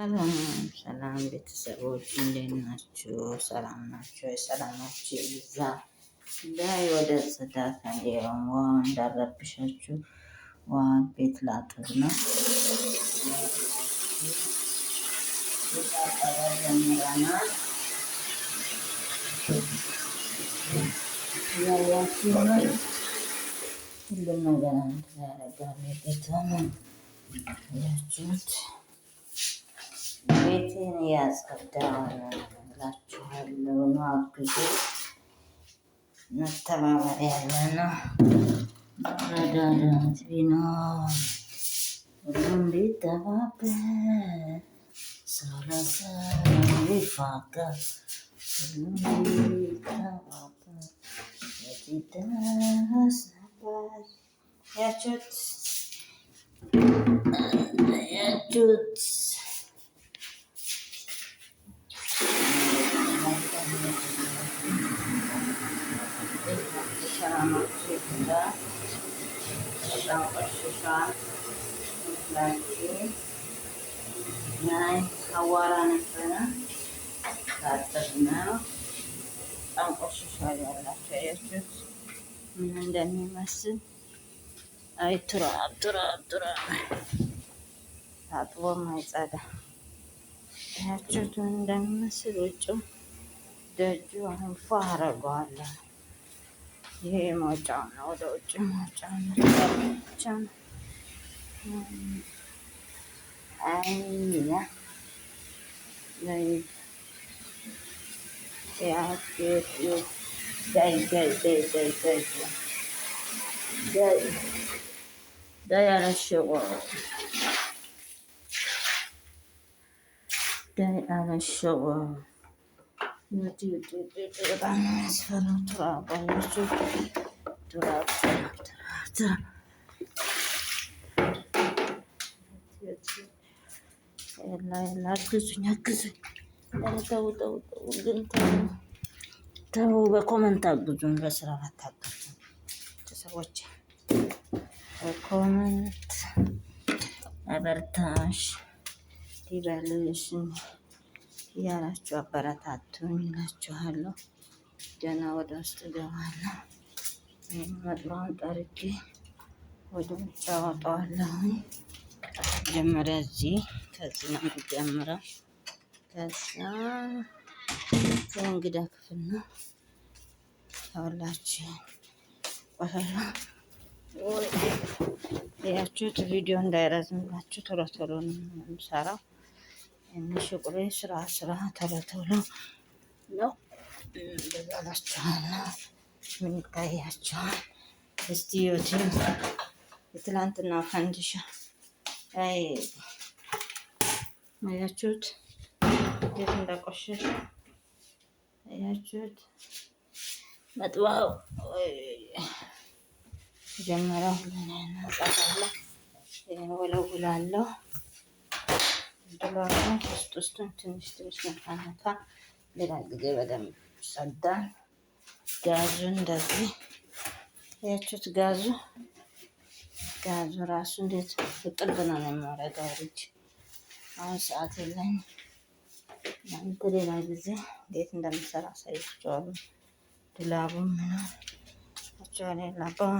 ሰላም ሰላም ቤተሰቦች እንዴት ናችሁ? ሰላም ናችሁ? የሰላማችሁ ይብዛ። ላይ ወደ ጽዳት እንዲሆን እንዳረብሻችሁ ዋ ቤት ላጥብ ነው ሁሉም ነገር አንድ ላይ ያችሁት 我今天要走到哪里？我走到哪里，哪里都是我的。我走到哪里，哪里都是我的。我走到哪里，哪里都是我的。我走到哪里，哪里都是我的。አማክሽታ በጣም ቆሽሿል። ምስላችሁ ናይ አዋራ ነበረ ታጠብነው። በጣም ቆሽሿል። ያላችሁ አያችሁት ምን እንደሚመስል አይ ቱራ ቱራ ቱራብ ታጥቦም አይጸዳ ያችሁት ምን እንደሚመስል ውጭ ደጁ አንፏ አረገዋለሁ ይሄ መውጫው ነው። ወደ ውጭ መውጫው ነው። አያ ዳይ አለሸቆ በጣም የሚያስፈራው ትራባ እነሱ ተው በኮመንት አግዙኝ፣ በስራ አታግዙኝ። ሰዎች በኮመንት አበርታሽ ይበልሽ። እያላችሁ አበረታቱኝ እላችኋለሁ። ደህና ወደ ውስጥ እገባለሁ። መጥሯን ጠርጌ ወደ ውጭ አወጣዋለሁኝ። መጀመሪያ እዚህ ከዚህ ነው የምጀምረው። ከዛ የእንግዳ ክፍል ነው ተወላችን ቆሰላ ያችሁት ቪዲዮ እንዳይረዝምባችሁ ቶሎ ቶሎ ነው የምሰራው። እነሽ ቁሬ ስራ ስራ ቶሎ ነው በዛላችኋልና ምን ይታያችኋል? እስቲ ዩቲብ የትላንትና ፈንድሻ አይ አያችሁት እንዴት እንዳቆሸሽ አያችሁት። መጥባው ጀመረ ሁሉን ነጣላ ወለውላለሁ ዶላር ነው። ውስጥ ውስጡን ትንሽ ትንሽ ነካ ነካ ሌላ ጊዜ በደንብ ጸዳን። ጋዙ እንደዚህ ያችሁት ጋዙ ጋዙ ራሱ እንዴት ፍጥር ብሎ ነው የሚወረደው። ልጅ አሁን ሰዓት የለኝ እናንተ ሌላ ጊዜ እንዴት እንደምሰራ አሳያችኋለሁ። ድላቡም ምናምን ቸኋላ